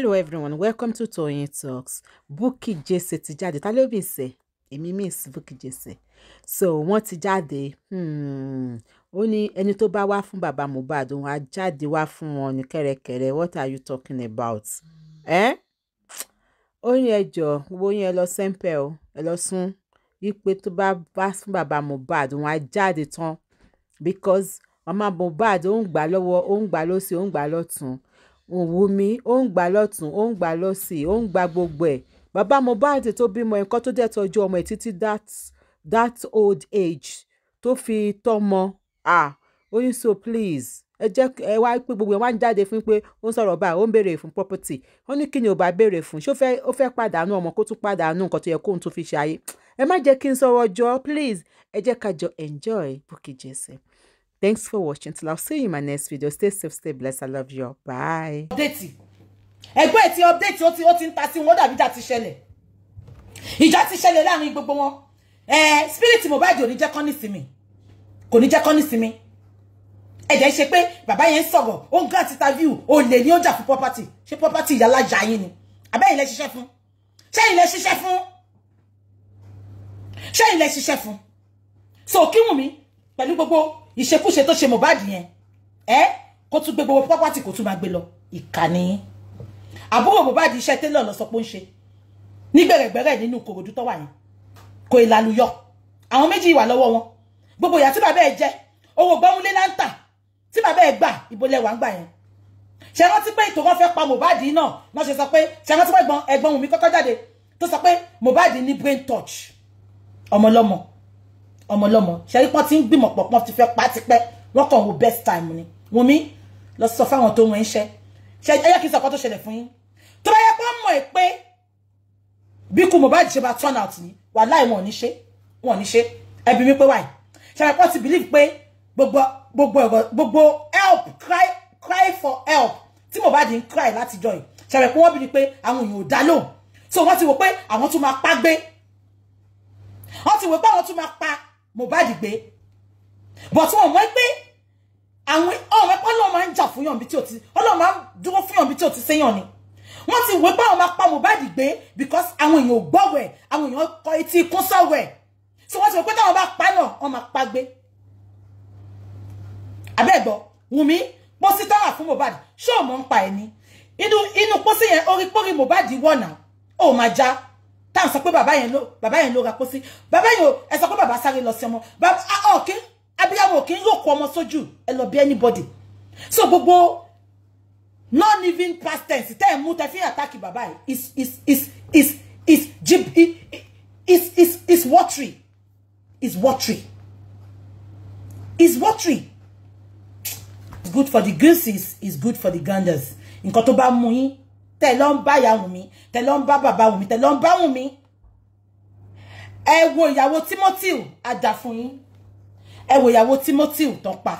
Hello everyone, welcome to Toyin Talks. Bukky Jesse ti jáde, ta ló bì sẹ́? Èmi miss Bukky Jesse. So wọ́n ti jáde, hmm. ó ní ẹni tó bá wá fún bàbá Mohbad òun á jáde wá fún wọn ní kẹ́rẹ́kẹ́rẹ́, what are you talking about? Ó ní ẹjọ́ owó yẹn lọ sẹ́ńpẹ̀ o, ẹ lọ sún wípé tó bá wá fún bàbá Mohbad òun á jáde tán because màmá Mohbad ó ń gbà lọ́wọ́ ó ń gbà lọ́sí ó ń gbà lọ́tún wùnmí ó ń gbà lọ́tún ó ń gbà lọ́sì ó ń gba gbogbo ẹ̀ bàbá Mohbad tó bímọ nǹkan tó dẹ̀ tọ́jú ọmọ ẹ̀ títí that that old age tó fi tọ́mọ ah oyin so please ẹ jẹ́ ẹ wá pé gbogbo ẹ wá ń jáde fún pé ó ń sọ̀rọ̀ báyìí ó ń béèrè fún property ó ní kí ni ò bá béèrè fún ṣé ó fẹ́ pàdánù ọmọ kó tún pàdánù nǹkan tó yẹ kóun tún fi ṣe ayé ẹ má jẹ́ kí n sọ̀rọ̀ jọ please ẹ jẹ́ ká jọ enjoy Bukky Jease. Thanks for watching. Till I'll see you in my next video. Stay safe, stay blessed. I love you all. Bye. Update. Ẹgbẹ́ ẹ̀ You update ó ti ó ti ń ta sí wọn dàbí ìjà ti ṣẹlẹ̀. Ìjà I'm going to go. Eh, spirit mobile. You need to kán ní sinmi. Kò ní jẹ́ kán ní sinmi. Ẹ̀jẹ̀ ń ṣe pé bàbá yẹn ń sọ̀rọ̀ ó ń grant interview olè ni ó jà fún property. Ṣé property ìyá alájà yín ni? Àbẹ́yìn lẹ ṣiṣẹ́ fún. Ṣẹ́yìn lẹ ṣiṣẹ́ fún. Ṣẹ́yìn lẹ ṣiṣẹ́ fún. So kí wùn mí pẹ̀lú gbogbo ìṣekúṣe tó ṣe eh, yẹn ẹ kó tún gbé gbogbo pápátì kó tún gbé lọ ìkà ni àbúrò Mohbad iṣẹ́ lọ sọ ṣe ní gbẹ̀rẹ̀gbẹ̀rẹ̀ nínú Ìkòròdú tó wà yẹn kò ìlàlùyọ àwọn méjì wà lọ́wọ́ wọn gbogbo ìyà tí bàbá jẹ owó gbọ́múlé láǹtà tí bàbá ẹ gbà ìbolẹ̀ wà ń yẹn ṣe rántí pé ìtò wọn fẹ́ pa Mohbad náà náà ṣe sọ pé ṣe rántí pé ẹ̀gbọ́n ẹ̀gbọ́n mi jáde tó sọ pé ní brain touch lọmo. ọmọlọ́mọ ṣẹ́rí pọ́n ti ń gbìmọ̀ pọ̀ pọ́n ti fẹ́ pa tipẹ́ wọ́n kàn wo best time ni Wùnmí lọ sọ fáwọn tó ń wọ́n ń ṣẹ́ ṣe ẹyẹ kí n sọ̀kọ́ tó ṣẹlẹ̀ fún yín tó bá yẹ pé mọ̀ ẹ́ pé bí kú Mohbad ṣe bá turn out ni wàláì wọn ò ní ṣe wọn ní ṣe ẹbí mi pé wáyé ṣẹlẹ̀ pọ́n ti believe pé gbogbo gbogbo help cry cry for help tí Mohbad ń cry látijọ́ yìí ṣẹlẹ̀ pé wọ́n bí ni pé àwọn èèyàn ò dá lóhùn so wọ́n ti wò wọ́n ti wò pé àwọn tún máa pa Mohbad gbé but wọn mọ̀ pé àwọn ọmọ ẹ̀pọ̀ ọlọ́run máa ń jà fún yàn bí tí ò ti ọlọ́run máa ń dúró fún yàn bí tí ò ti séyàn ni wọ́n ti wé pé àwọn máa pa Mohbad gbé because àwọn èèyàn ò gbọ́wẹ̀ àwọn èèyàn kọ etí ikún sọ̀wẹ̀ tí wọ́n ti wé pé táwọn bá pa yàn wọ́n máa pa gbé abẹ́ẹ̀gbọ́ Wùmí pósí tọ́ra fún Mohbad ṣé ò mọ̀ ń pa ẹ̀ ní inú pósí yẹn orí pórí Mohbad wọ̀nà ó máa já tá à ń sọ pé bàbá yẹn ló bàbá yẹn ló ra pósí bàbá yẹn ò ẹ sọ pé bàbá sáré lọ sí ọmọ bàbá ọ̀kẹ́ abiyamọ òkè ń ròkò ọmọ sójú ẹ lọ bí anybody so gbogbo non living past tense tẹ́ ẹ̀ mú tẹ́ fi àtàkì bàbá yìí is is is is is jib is is is is watery is watery is watery it's good for the gooses is good for the ganders nǹkan tó bá mú yín tẹ́ ẹ lọ ń bá ìyá wù mí tẹ lọ ń bá bàbá Wùmí tẹ lọ ń bá wo ìyàwó Timothy àdàfún yín ẹ wo ìyàwó Timothy tán pa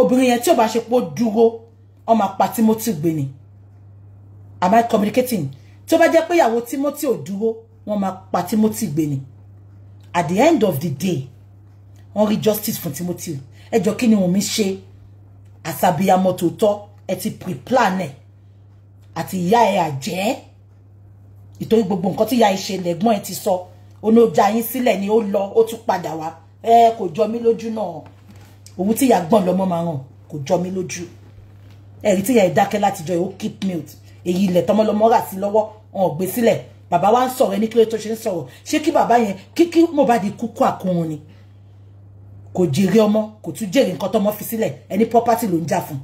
obìnrin yẹn tí ò bá ṣe pé ó dúró ó pa Timothy gbé ni am I communicating tó bá jẹ́ pé ìyàwó Timothy ò dúró wọ́n máa pa Timothy gbé ni at the end of the day wọ́n rí justice fún Timothy ẹ kini kí ni Wùmí ṣe àsàbíyamọ tòótọ́ ẹ ti pre-plan ẹ̀ àti ìyá ẹ àjẹ́ ìtorí gbogbo nǹkan tí ìyá ẹ ṣe lẹ́gbọ́n ẹ ti sọ onójà yín sílẹ̀ ni ó lọ ó tún padà wá ẹ kò jọ mí lójú náà òun tí ìyá gbọ́n lọ́mọ máa hàn kò jọ mí lójú ẹ̀rí tí ìyá ẹ dákẹ́ látijọ́ ẹ ó keep mute èyí ilẹ̀ tọmọlọmọ rà sí lọ́wọ́ ọ̀n gbé sílẹ̀ bàbá wa ń sọ̀rọ̀ ẹni kí ló tó ṣe ń sọ̀rọ̀ ṣé kí bàbá yẹn kí kí Mohbad kúkú àkóhun ni kò jèrè ọmọ kò tún jèrè nǹkan tọmọ fi sílẹ̀ ẹni property ló ń jà fún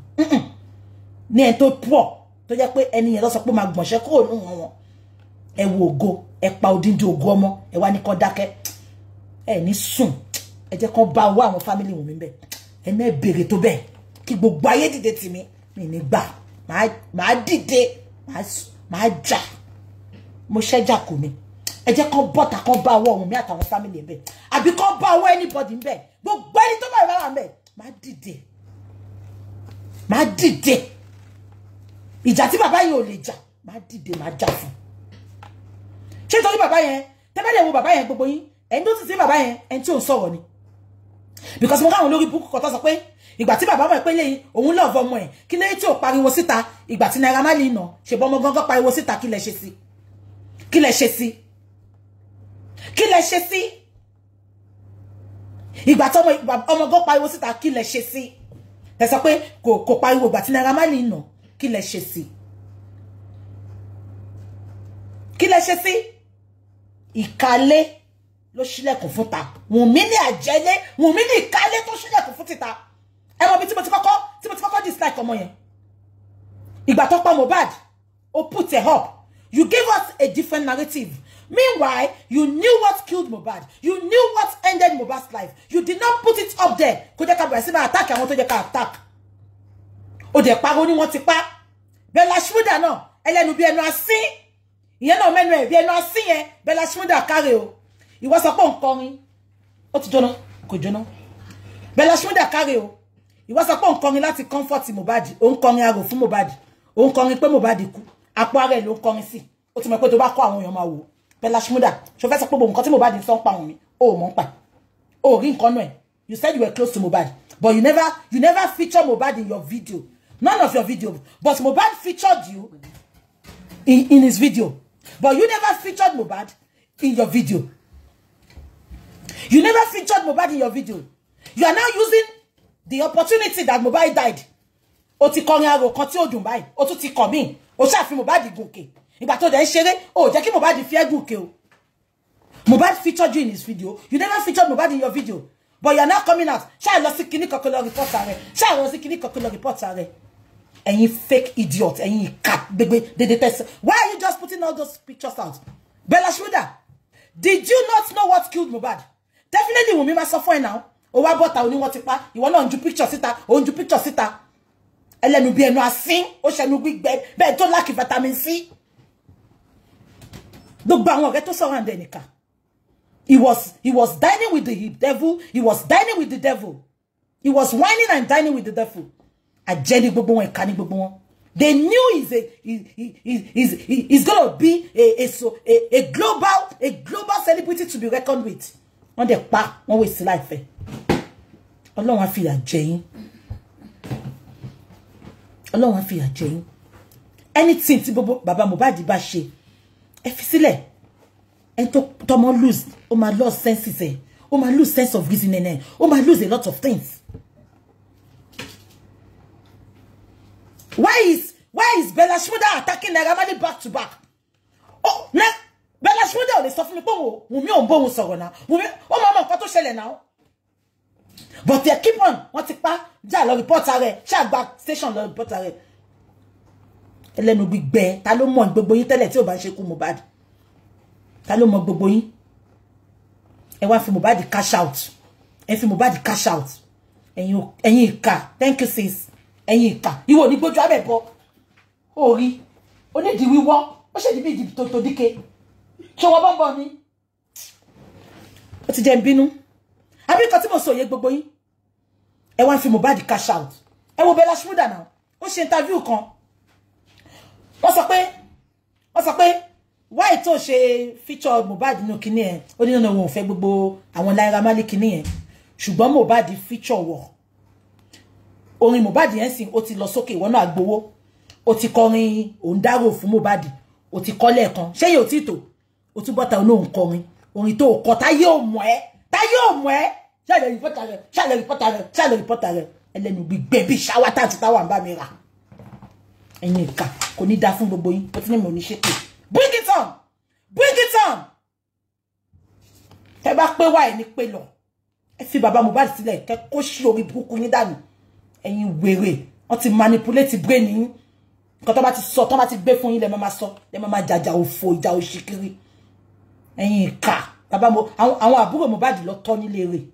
ní ẹni tó pọ̀ tó jẹ́ pé ẹni yẹn ló sọ pé máa gbọ̀nṣẹ́ kúrò nù wọn wọn ẹ wo ògo ẹ pa odindi ògo ọmọ ẹ wá ní kó dákẹ́ ẹ ní sùn ẹ jẹ́ kó bá owó àwọn fámìlì wọn mi bẹ̀ ẹ mẹ́ bèrè tó bẹ́ẹ̀ kí gbogbo ayé dìde tì mí mi ní gbà máa dìde máa jà mo ṣẹ́jà kù mi ẹ jẹ́ kó bọ́ta kó bá owó ọ̀hún mi àtàwọn fámìlì ẹ̀ bẹ̀ àbí kó bá owó anybody ń gbogbo ẹni tó bá ìbára ń bẹ̀ máa dìde ìjà tí bàbá yẹn ò lè jà máa dìde máa jà fún ṣé nítorí bàbá yẹn tẹ́bẹ̀lẹ̀ wo bàbá yẹn gbogbo yín ẹni tó ti sí ja ma dide maa yẹn ẹni tí ò ń sọ̀rọ̀ ni because mo káwọn olórí búkú kọtọ́ sọ pé ìgbà tí bàbá mọ̀ pé lẹ́yìn òun lọ́ọ̀fọ́ ọmọ ẹ̀ kí tí ò pariwo síta ìgbà tí Naira Marley nà ṣe bọ́ ọmọ gángan pariwo síta kí ṣe sí kí ṣe sí kí ṣe sí ìgbà mo ọmọ gángan pariwo síta kí ṣe sí ẹ sọ pé kò pariwo ìgbà tí Naira Marley nà Qui lẹ ṣe Qui kí lẹ Il calait le chile ṣílẹ̀kùn fún ta Wùnmí ní àjẹlé Wùnmí ní ìkálé tó ṣílẹ̀kùn fún títa ẹ mọ̀ bí tí mo ti kọ́kọ́ tí mo ti kọ́kọ́ dislike ọmọ yẹn ìgbà tó pa Mohbad ó put it up you gave us a different narrative Meanwhile, you knew what killed Mobad. You knew what ended Mobad's life. You did not put it up there. Kò jẹ́ ká bẹ̀rẹ̀ sí máa attack àwọn tó jẹ́ ká attack ó dẹ̀ pariwo ni wọ́n ti pa Bella Shmurda náà ẹlẹ́nu bí ẹnu asín ìyẹn náà mẹ́nu ẹ̀ bí ẹnu asín yẹn Bella Shmurda káre o ìwọ sọ pé òun kọrin ó ti jóná kò jóná Bella Shmurda káre o ìwọ sọ pé òun kọrin láti comfort Mohbad òun kọrin arò fún Mohbad òun kọrin pé Mohbad kú àpò ara ẹ̀ ló ń kọrin sí ó ti mọ̀ pé tó bá kọ́ àwọn èèyàn máa wò Bella Shmurda ṣo fẹ́ sọ pé nǹkan tí Mohbad sọ ń pa òun ni ó mọ̀ ń pa ó rí nǹkan náà you said you were close to Mohbad but you never you never feature Mohbad in your video None of your video. But Mobad featured you in, in his video. But you never featured Mobad in your video. You never featured Mobad in your video. You are now using the opportunity that Mobad died. Ó ti kọrin arò kan tí ó ti kọ̀ mí. Ó ṣá fi Mohbad gòkè. Ìgbà tó dẹ̀ ń ṣeré, ó jẹ́ kí Mohbad fi ẹ́ o. Mohbad featured you in his video. You never featured Mobad in your video. But you are now coming out. Ṣá lọ sí kinní kankan lọ report ààrẹ. Ṣá lọ sí kinní kankan lọ report ààrẹ. And ẹ̀yin fake idiot ẹ̀yin ìka gbẹgbẹ dédé tẹ̀sán why are you just putting all those pictures out Bella Shmurda did you not know what killed Mubad? definitely Wunmi máa sọ fún ẹ náà o wá bọ́ta o ní wọ́n ti pa ìwọ náà ń ju picture síta o Let me be síta ẹlẹ́nu bíi ẹnu asín ó ṣẹnu gbígbẹ bẹ́ẹ̀ tó lack vitamin C Look, bang! ọ̀rẹ́ tó sọ̀rọ̀ àǹdẹ̀ nìkan he was he was dining with the devil he was dining with the devil he was whining and dining with the devil àjẹ́ ní gbogbo wọn ìka ní gbogbo wọn they knew is a is is is gonna be a a so a a global a global celebrity to be reckoned with wọ́n dẹ̀ pa wọ́n wẹ̀ sí láìfẹ́ ọlọ́run á fìyà jẹ yín ọlọ́run á fìyà jẹ yín anything tí gbogbo bàbá Mohbad bá ṣe ẹ fi sílẹ̀ ẹni tó tọmọ lose ó máa lose senses ẹ ó máa lose sense of reasoning ẹ ó máa lose a lot of things. Why is why is Bella Shmurda attacking Naira Marley back to back? Oh, na Bella Shmurda ò lè sọ fún mi pé wo Wunmi ò ń bóun sọ̀rọ̀ náà. Wunmi ó máa mọ But they keep on wọ́n ti pa já lọ report rẹ̀ back station lọ report rẹ̀. Ẹlẹ́nu gbígbẹ ta ló mọ̀ gbogbo yín tẹ́lẹ̀ tí ò bá ń ṣe kú Mohbad? Ta ló mọ̀ gbogbo yín? Ẹ fi Mohbad cash out. Ẹ fi Mohbad cash out. And and you you car. Thank you sis ẹ̀yin ìkà ìwọ ní gbójú abẹ́ bọ orí onídìí wíwọ́ ó ṣèdí bí ìdìbò tó díke ṣé wọ́n bọ́ bọ́ ni ó ti jẹ́ ń bínú àbí nǹkan tí mo sọ òye gbogbo yín ẹ wá ń fi Mohbad cash out ẹ wo Bella Shmurda náà ó ṣe interview kan wọ́n sọ pé wọ́n sọ pé why tó ṣe feature Mohbad nínú kinní ẹ̀ ó ní nínú òun ò fẹ́ gbogbo àwọn Naira Marley kinní ẹ̀ ṣùgbọ́n Mohbad feature wọ̀ orin Mohbad yẹn sìn ó ti lọ sókè ìwọ náà gbowó ó ti kọrin òun dárò fún Mohbad ó ti kọ́ lẹ́ẹ̀kan ṣé yóò tí tò ó tún bọ́ta olóhùn kọrin orin tó kọ táyé ò mọ̀ ẹ́ táyé ò mọ̀ ẹ́ ṣàlẹ̀ rìpọ́tà rẹ̀ ṣàlẹ̀ rìpọ́tà rẹ̀ ṣàlẹ̀ rìpọ́tà rẹ̀ ẹlẹ́nu gbígbẹ́ bíi ṣáwátà mi rà ẹ̀yin ìka kò ní da fún gbogbo yín ó tún ní mò ní ṣépè bring it on bring it on tẹ bá pé wá ẹ ní pé lọ ẹ fi bàbá Mohbad sílẹ̀ kẹ kó ṣí orí burúkú yín dànù ẹ̀yin wèrè wọ́n ti manipulate brain yín nǹkan tó bá ti sọ tó bá ti gbé fún yín lẹ́ máa sọ lẹ́ máa jàjà òfò ìjà òṣìkiri ẹ̀yin ìka bàbá mo àwọn àbúrò Mohbad lọ tọ́ nílé rẹ̀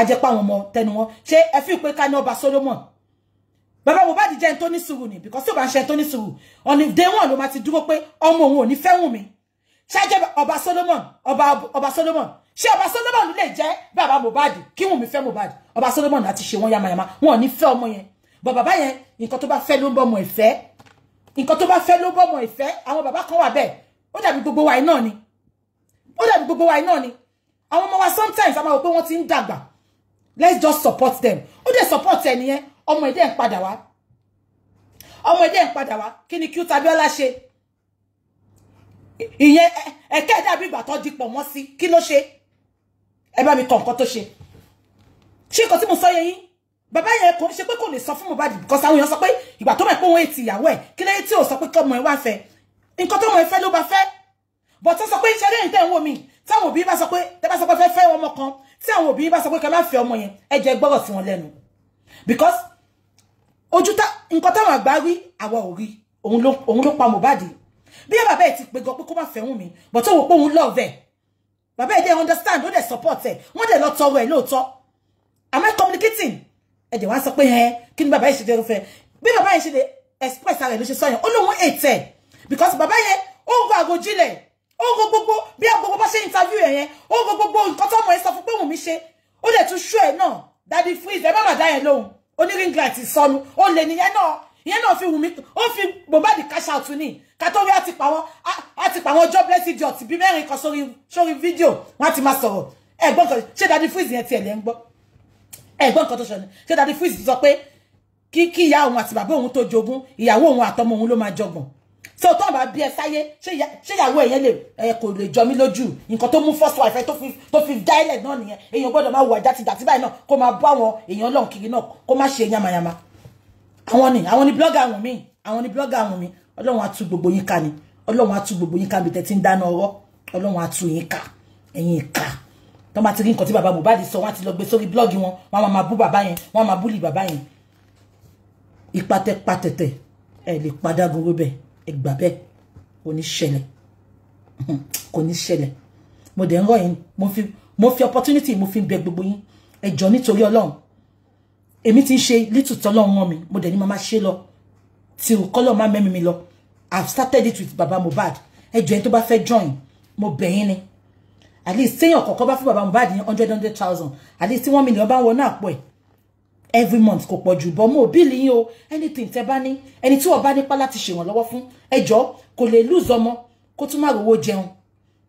ajẹ́pọ̀ àwọn ọmọ tẹnu wọn ṣé ẹ fi pé ká ní ọba Solomon bàbá Mohbad jẹ́ ẹni tó ní sùúrù ni because tí ò bá ń ṣe ẹni tó ní sùúrù ọ̀nì day one ló máa ti dúró pé ọmọ òun ò ní fẹ́ wùn mí ṣáájẹ́ ọba Solomon ọba ọba Solomon ṣé ọba Solomon lè jẹ́ bàbá Mohbad kí Wùnmí fẹ́ Mohbad ọba Solomon àti ṣe wọ́n yamayama wọn ò ní fẹ́ ọmọ yẹn bọ̀ bàbá yẹn nǹkan tó bá fẹ́ ló ń bọ́mọ ìfẹ́ nǹkan tó bá fẹ́ ló ń bọ́mọ ìfẹ́ àwọn bàbá kan wà bẹ́ẹ̀ ó dàbí gbogbo wa iná ni ó dàbí gbogbo wa iná ni àwọn ọmọ wa sometimes a máa wò ti ń dàgbà let's just support them ó dẹ̀ support ẹ̀ nìyẹn ọmọ ìdẹ́ ń padà wá ọmọ ìdẹ́ ń padà wá kí ni kí ó Tabiola ṣe ìyẹn ẹ̀kẹ́ dàbí ìgbà tó di pọ̀ mọ́ sí kí ló ṣe ẹ bá mi kọ nǹkan tó ṣe ṣé nǹkan tí mo sọ yẹ yín bàbá yẹn kò ṣe pé kò lè sọ fún Mohbad because àwọn èèyàn sọ pé ìgbà tó mọ̀ pé òun ètì ìyàwó ẹ̀ kí lẹ́yìn tí ò sọ pé kọ́mọ ẹ̀ wá fẹ́ nǹkan tó mọ̀ ẹ̀ fẹ́ ló bá fẹ́ but ó sọ pé iṣẹ́ lẹ́yìn tẹ́ ń wò mí táwọn òbí bá sọ pé tẹ́ bá sọ pé fẹ́ fẹ́ ọmọ kan tí àwọn òbí bá sọ pé kẹ́ má fẹ́ ọmọ yẹn ẹ jẹ́ gbọ́rọ̀ sí wọn lẹ́nu because ojú tá nǹkan táwọn àgbà rí àwa ò rí òun ló pa Mohbad bí ẹ bàbá ẹ ti pé gan pé kó má fẹ́ wù mí but ó wò pé òun love ẹ̀ bàbá they understand Don't they support ẹ̀ wọ́n dẹ̀ lọ tọrọ No talk. am I communicating And they want sọ pé Can kí ni bàbá yẹn ṣe dẹrù fẹ́ bí express ara ẹ̀ ló ṣe sọ yẹn ó lóun ètè because bàbá oh go go gba àgòjìlẹ̀ ó go go gbogbo bí agbogbo go ṣe interview ẹ̀ yẹn ó ń go gbogbo nǹkan tọ́mọ ẹ sọ fún pé wùn mí ṣe ó dẹ̀ tún ṣú ẹ̀ náà dadi freeze ẹ die alone. Only ring oníríngìlá ti sọnù Oh, lè nìyẹn no ìyẹn náà fi wù mí ó fi Mohbad cash out ní kátó wí àti pàwọn àti pàwọn jobless idiot bíi mẹ́rin kan sórí sórí fídíò wọ́n á ti máa sọ̀rọ̀ ẹ̀gbọ́n kan ṣé dadi freeze yẹn tiẹ̀ lẹ́ ń gbọ́ ẹ̀gbọ́n kan tó ṣọlẹ̀ ṣé dadi freeze sọ pé kí kí ìyá òun àti bàbá òun tó jogún ìyàwó òun àtọmọ òun ló máa jọgbọ̀n so tó bá bí ẹ sáyé ṣé ìyàwó ẹ̀yẹn lè ẹ kò lè jọ mí lójú nǹkan tó mú first wife ẹ tó fi tó fi dáílẹ̀ náà nìyẹn èèyàn gbọ́dọ̀ máa wà játidàtí báyìí náà kó máa bọ́ àwọn èèyàn lọ́hùn kiri náà kó má ṣe yamayama àwọn ni àwọn ni blọ́gà àwọn míì àwọn ni blọ́gà àwọn míì ọlọ́run á tú gbogbo yín ká ni ọlọ́run á tú gbogbo yín ká bí tẹ́tí ń dáná ọ̀rọ̀ ọlọ́run á tú yín ká ẹ̀yin ìka tọ́ bá ti rí nǹkan tí bàbá Mohbad sọ wọ́n ti lọ gbé sórí blọ́ọ̀gì wọn wọ́n á máa bú bàbá yẹn wọ́n á máa búlì bàbá yẹn ìpàtẹ pàtẹ̀tẹ̀ ẹ lè padágun wébẹ̀ ẹ gbà bẹ́ẹ̀ kò ní ṣẹlẹ̀ kò ní ṣẹlẹ̀ mo dẹ̀ ń rọ̀ yín mo fi opportunity mo fi ń bẹ gbogbo yín ẹ jọ nítorí ọlọ́run èmi ti ń little tọ́lọ́run wọn mi mo dẹ̀ ní màmá ṣe lọ tí ò kọ́lọ̀ má mẹ́mi mi lọ I've started it with baba Mohbad ẹjọ́ ẹni to bá fẹ́ join mo be bẹ̀yìn ni at least téèyàn kọ̀ọ̀kan bá fún baba Mohbad ní hundred hundred thousand at least tí wọ́n mi nìyàn bá ń wọnú àpò ẹ̀ every month kò pọ̀ jù bọ́ mo ò bíìlì o anything tẹ́ bá ní ẹni tí wọ́n bá nípa láti ṣèrànlọ́wọ́ fún ẹjọ́ kò lè lose ọmọ kó tún má rówó jẹun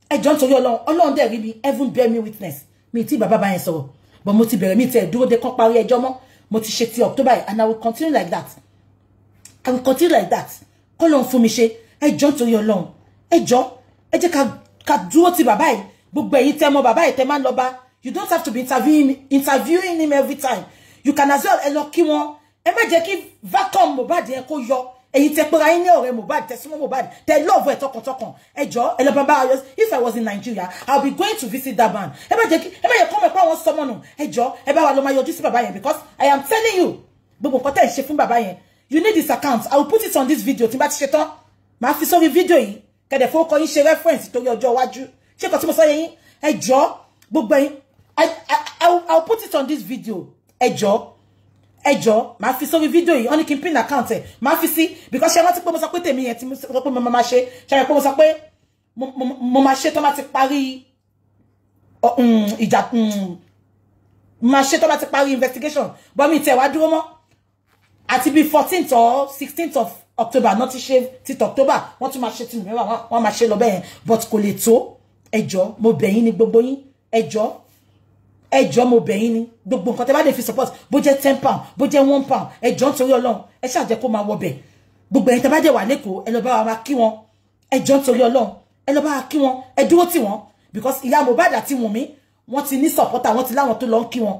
ẹjọ́ nítorí ọlọ́run ọlọ́run dẹ̀ rí mi heaven bear me witness mi tí Baba bá yẹn sọ̀rọ̀ bọ́ mo ti bẹ̀rẹ̀ mi tẹ̀ dúró de kọ́ parí ẹjọ́ mọ́ mo ti ṣe ti October yìí and I will continue like that I will continue like that kọ́ ló ń fún mi ṣe ẹjọ́ nítorí ọlọ́run ẹjọ́ ẹ jẹ́ ká dúró ti bàbá yìí gbogbo ẹ̀yin tẹ́ mọ bàbá yìí tẹ́ máa ń lọ bá you don't have to be interviewing, interviewing him every time you can as well ẹ lọ kí wọn ẹ má jẹ́ kí vacuum Mohbad yẹn kó yọ ẹ̀yin tẹ pera yín ní ọ̀rẹ́ Mohbad tẹ súnmọ́ Mohbad tẹ love ẹ tọkàntọkàn ẹ jọ ẹ lọ bàbá ayọ if i was in Nigeria I'll be going to visit that man ẹ má jẹ kí ẹ má yẹ kọ́ mọ̀ pé àwọn sọmọ nù ẹ jọ ẹ wa lọ máa yọjú sí bàbá yẹn because i am telling you gbogbo nǹkan tẹ̀ ń ṣe fún bàbá you need this account i will put it on this video tí n bá ti ṣe tán màá fi sórí fídíò yìí kẹ̀dẹ̀ fowó kọ yín ṣe reference torí ọjọ́ iwájú ṣé kò tí mo sọ yẹn yín ẹ gbogbo yín i i i will put it on this video ẹ jọ ẹjọ́ máa fi sórí fídíò yìí wọ́n ní kí n pin account ẹ̀ máa fi sí because ṣe rántí pé mo sọ pé tèmi yẹn tí mo sọ pé mo máa ṣe ṣe rẹ̀ pé mo sọ pé mo máa ṣe tó bá ti parí um, ìjà um, máa ṣe tó bá ti parí investigation bọ́mí tẹ̀ wá dúró mọ́ àti bíi fourteenth or sixteenth of October náà ti ṣe títí October wọ́n tún máa ṣe tìǹbù mẹ́wàá wọ́n máa ṣe lọ bẹ́ẹ̀ yẹn but kò lè tó ẹjọ́ mo bẹ̀ yín ní gbogbo yín ẹjọ́ ẹjọ́ mo bẹ̀ yín ni gbogbo nǹkan tẹ́ bá lè fi support bó jẹ́ ten pound bó jẹ́ one pound ẹjọ́ nítorí ọlọ́run ẹ ṣáà jẹ́ kó máa wọbẹ̀ gbogbo ẹ̀yin tẹ́ bá dẹ̀ wà lẹ́kọ̀ọ́ ẹ lọ bá wa kí wọn ẹjọ́ nítorí ọlọ́run ẹ lọ bá wa kí wọn ẹ dúró tì wọn because ìyá Mohbad àti Wùnmí wọ́n ti ní supporter wọ́n ti láwọn tó lọ ń kí wọn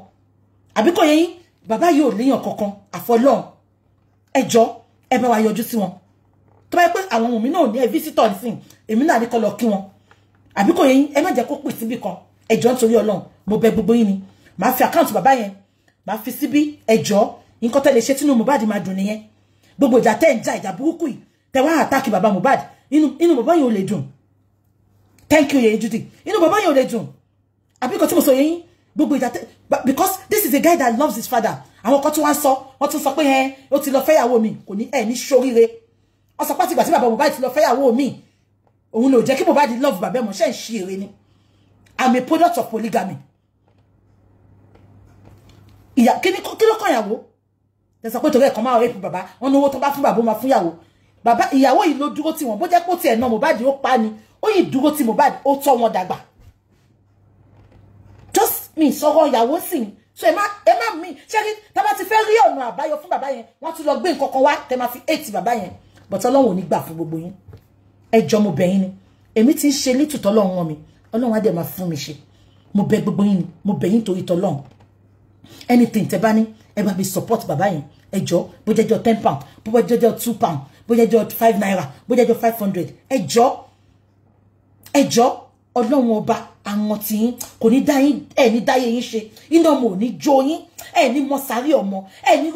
àbí kò yé yín bàbá yìí ò léèyàn kankan àfọlọ́run ẹjọ́ ẹ bá wa yọjú sí wọn tó bá yẹ pé àwọn Wùnmí náà ní ẹ visitor nísìn èmi náà ní kọ́ lọ kí wọn àbí kò yé yín ẹ má jẹ́ kó pè síbì kan ẹjọ́ nítorí ọlọ́run mo bẹ gbogbo yín ni màá fi àkáǹtì bàbá yẹn màá fi síbí ẹjọ́ nǹkan tẹ́ lè ṣe tínú Mohbad máa dùn nìyẹn gbogbo ìjà tẹ́ ń ìjà burúkú yìí tẹ́ wá àtàkì bàbá Mohbad inú bàbá yẹn ò lè dùn thank you yeye Judy inú bàbá yẹn ò lè dùn tí mo sọ gbogbo ìjà tẹ́ because this is a guy that loves his father àwọn kan tí wọ́n sọ wọ́n tún sọ pé ẹ ó ti lọ fẹ́yàwó mi kò ẹ ní ṣoríire wọ́n sọ pátìgbà tí bàbá Mohbad ti lọ fẹ́yàwó mi òun ló jẹ́ kí Mohbad love bàbá mọ́ ṣe ń ni I'm a product of polygamy. Ìyá kíni kí ló kàn yàwó? Ẹ sọ pé torí ẹ̀kan máa rẹ́pù bàbá, wọ́n ní owó Baba. bá fún bàbá ó máa fún yàwó. Bàbá ìyàwó yìí ló dúró tì wọ́n, bó jẹ́ pé ó tiẹ̀ náà Mohbad ó pa ni, ó yìí dúró tì Just me sọ̀rọ̀ ìyàwó sì ń so ẹ má ẹ má mi ṣé kí tá bá ti fẹ́ rí ọ̀nà àbáyọ fún bàbá yẹn wọ́n tún lọ gbé nǹkan kan wá tẹ́ máa fi éètì bàbá but ọlọ́run ò ní gbà fún gbogbo yín ẹ jọ mo bẹ̀ yín ni èmi ti ń ṣe lítù ọlọ́run á dẹ̀ máa fún mi ṣe mo bẹ gbogbo yín ni mo bẹ yín torí tọlọ́run anything tẹ bá ní ẹ bá mi support bàbá yẹn ẹ jọ bó jẹjọ ten pound bó jẹjọ two pound bó jẹjọ five naira bó jẹjọ five hundred ẹ jọ ẹ jọ ọlọ́run ọba àwọn tí yín kò ní dá yín ẹ ní dáyé yín ṣe iná ọmọ ò ní jó yín ẹ ní mọ sáré ọmọ ẹ ní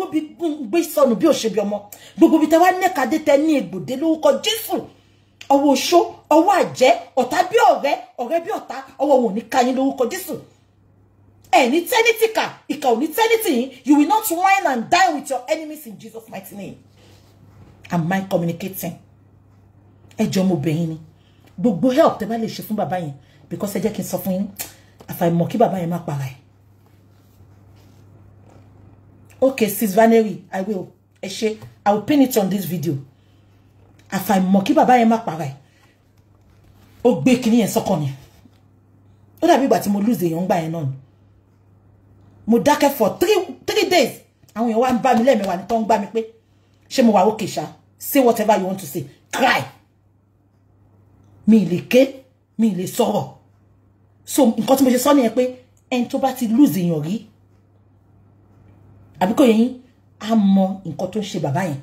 gbé sọnù bí òṣèbí ọmọ gbogbo ibi tẹ wá nẹkadé tẹ ní egbòdé lórúkọ jésù ọwọ́ oṣó ọwọ́ àjẹ́ ọ̀tá bí ọ̀rẹ́ ọ̀rẹ́ bí ọ̀tá ọwọ́ wọn ní ka yín lórúkọ Jésù ẹ ní tẹ́nítì kà ìkà ní you will not whine and die with your enemies in Jesus mighty name am I communicating ẹ jọ ọmọbìnrin ni gbogbo help tẹ bá lè ṣe fún bàbá because ẹ jẹ́ kí suffering. sọ fún yín àfàìmọ̀ kí bàbá yẹn má para okay sis Vaneri I will ẹ ṣe I will pin it on this video. àfàìmọ̀ kí bàbá yẹn má para ẹ̀ ó gbé kinní yẹn sọ́kàn ni ó dàbí ìgbà tí mo lose èèyàn gbà yẹn náà ni mo dákẹ́ for three three days àwọn èèyàn wá ń bá mi lẹ́ẹ̀mẹ́wàá ní tó ń gbá mi pé ṣé mo wà okay ṣá say whatever you want to say cry mi ì lè ké mi ì lè sọ̀rọ̀ so nǹkan tí mo ṣe sọ nìyẹn pé ẹni tó bá ti lose èèyàn rí àbíkó yẹn á mọ nǹkan tó ń ṣe bàbá yẹn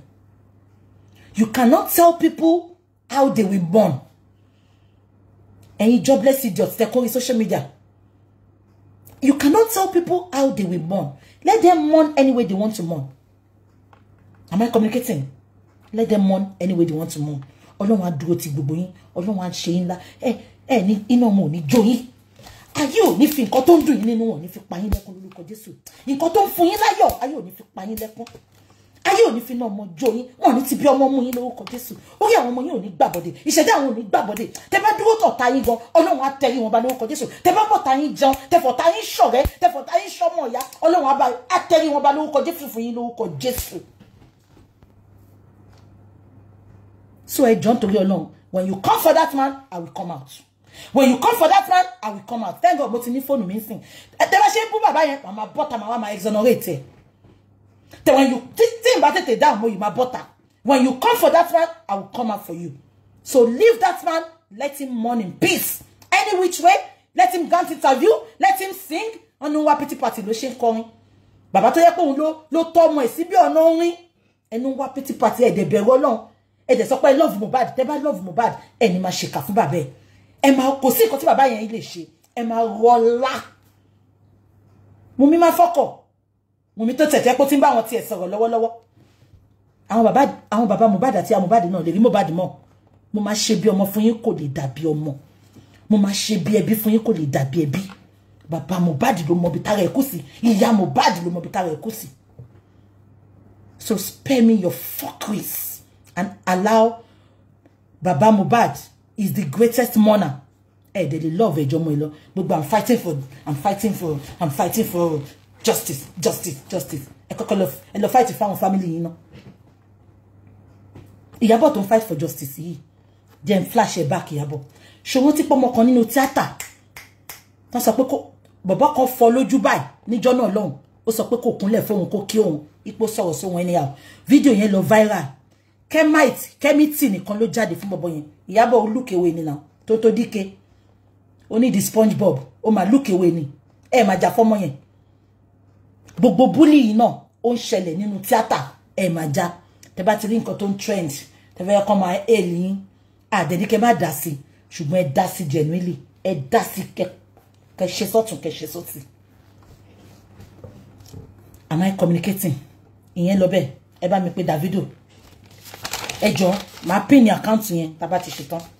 You cannot tell people how they will born. Any jobless idiots tẹ́ kórí social media. You cannot tell people how they will mourn. Let them mourn any way they want to mourn. Am I communicating? Let them mourn any way they want to mourn. Ọlọ́run á dúró ti gbogbo yín. Ọlọ́run á ṣe yín lá. Ẹ ẹ ní iná ọmọ ò ní jó yín. fi nǹkan tó ń dùn yín nínú wọn ò fi pa yín lẹ́kún lórúkọ Jésù. Nǹkan tó ń fún yín láyọ̀ ayé ò fi pa yín lẹ́kún ayé ò ní fi náà ọmọ jó yín wọn ò ní ti bí ọmọ mú yín lórúkọ jésù orí àwọn ọmọ yín ò ní gbàbọdè ìṣẹ̀dá àwọn ò ní gbàbọdè tẹ bá dúró tọ̀tá yín gan ọlọ́run á tẹ̀rí wọn bá lórúkọ jésù tẹ bá bọ̀tá yín jẹun tẹ fọ̀tá yín ṣọ̀rẹ́ tẹ fọ̀tá yín ṣọmọ ìyá ọlọ́run á tẹ̀rí wọn bá lórúkọ jésù fún yín lórúkọ jésù. so ẹ jọ nítorí ọlọ́run when you come for that man i will come out when you come for that man i will come out thank god mo ti ní fóònù mi ń sìn ẹ tẹ bá ṣe ń bú bàbá exonerate Then when you think about it, down you my butter. When you come for that man, I will come out for you. So leave that man, let him mourn in peace. Any which way, let him grant interview, let him sing. Ọ̀nà wa pity party ló ṣe ń kọrin. Bàbá tó yẹ pé ló ló tọ́ ọmọ ẹ̀ sí bí ọ̀nà orin. Ẹnu wa pity party ẹ̀dẹ̀ bẹ̀rù Ọlọ́run. Ẹ̀dẹ̀ sọ love Mohbad, tẹ́ bá love Mohbad, ẹni máa ṣèkà fún bàbá ẹ̀. Ẹ máa kò sí nǹkan bàbá yẹn lè ṣe. Ẹ máa rọlá. Mumi fọ́kọ̀. Wùmí tó tẹ̀tẹ̀ pé ó ń bá àwọn tiẹ̀ sọ̀rọ̀ lọ́wọ́lọ́wọ́ àwọn bàbá àwọn bàbá Mohbad àti Mohbad náà lè rí Mohbad mọ́ mo máa ṣe bí ọmọ fún yín kò lè dàbí ọmọ mo máa ṣe bí ẹbí fún yín kò lè dàbí ẹbí bàbá Mohbad ló mọbi tára ẹ̀ kù sí ìyá Mohbad ló mọbi tára ẹ̀ kù sí so spare me your fuckeries and allow bàbá Mohbad is the greatest mourner ẹ dẹ̀ love ẹjọ́ mọ́ ẹ lọ gbogbo i'm fighting for i'm fighting for i'm fighting for justice justice justice ẹ kọ́kọ́ lọ ẹ lọ fight fáwọn family yìí náà Ìyábọ̀ tó ń fight for justice yìí jẹ́ ń flash ẹ̀ back Ìyábọ̀ ṣòwò tí pọ́mọ kan nínú tíátà tó sọ pé kó bọ̀bọ̀ kan fọ́ lójú báyìí níjọ́ náà lọ́hùn ó sọ pé kò kúnlẹ̀ fóun kó kí òun ipò sọ̀rọ̀ sóhun ẹni àwọn fídíò yẹn lọ viral kemite kemiti nìkan ló jáde fún bọ̀bọ̀ yẹn Ìyábọ̀ olúkèwé ni náà tó tó díke ó ní the sponge bob ó máa lúkèwé ni ẹ máa jà fọ́mọ yẹn gbogbo búlì yìí náà ó ń ṣẹlẹ̀ nínú tíátà ẹ̀ máa já tẹ bá ti rí nǹkan tó ń trend tẹ fẹ́ kọ́ máa ẹ̀ lẹ́yìn àdẹ̀díkẹ́ má dá sí ṣùgbọ́n ẹ dá sí genuinely ẹ dá sí kẹṣẹ sọ́tún kẹṣẹ sọ́tì. am I communicating ìyẹn lọ bẹ́ẹ̀ ẹ bá mi pè Davido ẹ jọ màá pín ní àkáǹtì yẹn tá a bá ti ṣetán.